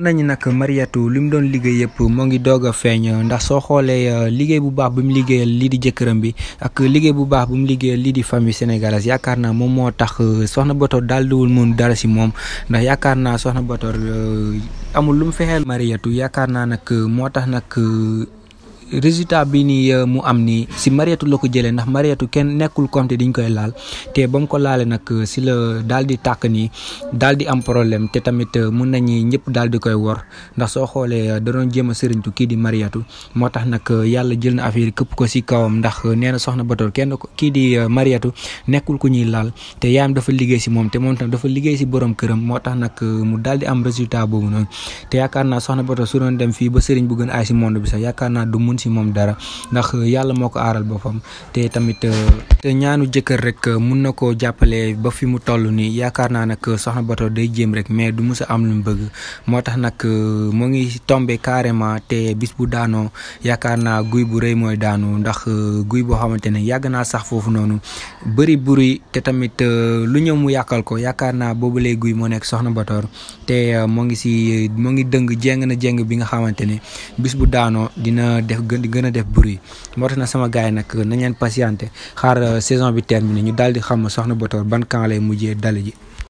ñi nag Mariétou li mu doon liggéey yëpp moo ngi doog a feeñ ndax soo xoolee euh, liggéey bu baax bi mu liggéeyal lii di jëkkëram bi ak liggéey bu baax bi mu liggéeyal lii di famille sénégalaise yaakaar na moom moo tax euh, soxna Bator daal diwul mun dara si moom ndax yaakaar naa soxna Bator euh, amul lu mu fexeel Mariétou yaakaar naa nag moo tax nag résultat bi ni euh, mu am ni si mariatu la ko jëlee ndax mariatu ken nekul comme te diñ koy laal te bam ko sila nag euh, si la di ni di am problème te tamit euh, mun nañu ñëpp daal di koy wor ndax soo xoolee da doon di mariatu tu. tax nag yàlla jël na affaire këpp ko si kawam ndax nee na soxna batoor kenn kii di mariatu nekkul ku ñuy laal te yaayam dafa liggéey si mom te moom tam dafa liggéey si borom këram moo tax mu daal di am résultat boobu noonu te yaakaar soxna batoor su doon dem fii ba sëriñ bu gën aay si monde bi sax du mun ci moom dara ndax yàlla moo ko aaral boppam te tamit euh, te ñaanu jëkkër rek euh, mun na koo jàppale ba fi mu toll nii yaakaar naa nag euh, soxna Bator day jéem rek mais du mës a am lu mu bëgg moo tax nag euh, mu ngi tombé carrément te bis bu daanoo yaakaar naa guy bu rëy mooy daanu ndax guy boo xamante ne yàgg naa sax foofu noonu bëri buri te tamit lu ñëw mu yàqal ko yaakaar naa boobu lay guy moo nekk soxna Bator te moo ngi si moo ngi dëng jéng na jéng bi nga xamante ne bis bu daanoo dina def gën gën a def buri moo tax na sama gaay nag nañ leen patienté xaar saison bi terminé ñu daldi xam soxna botor ban kan lay mujjé dalé ji.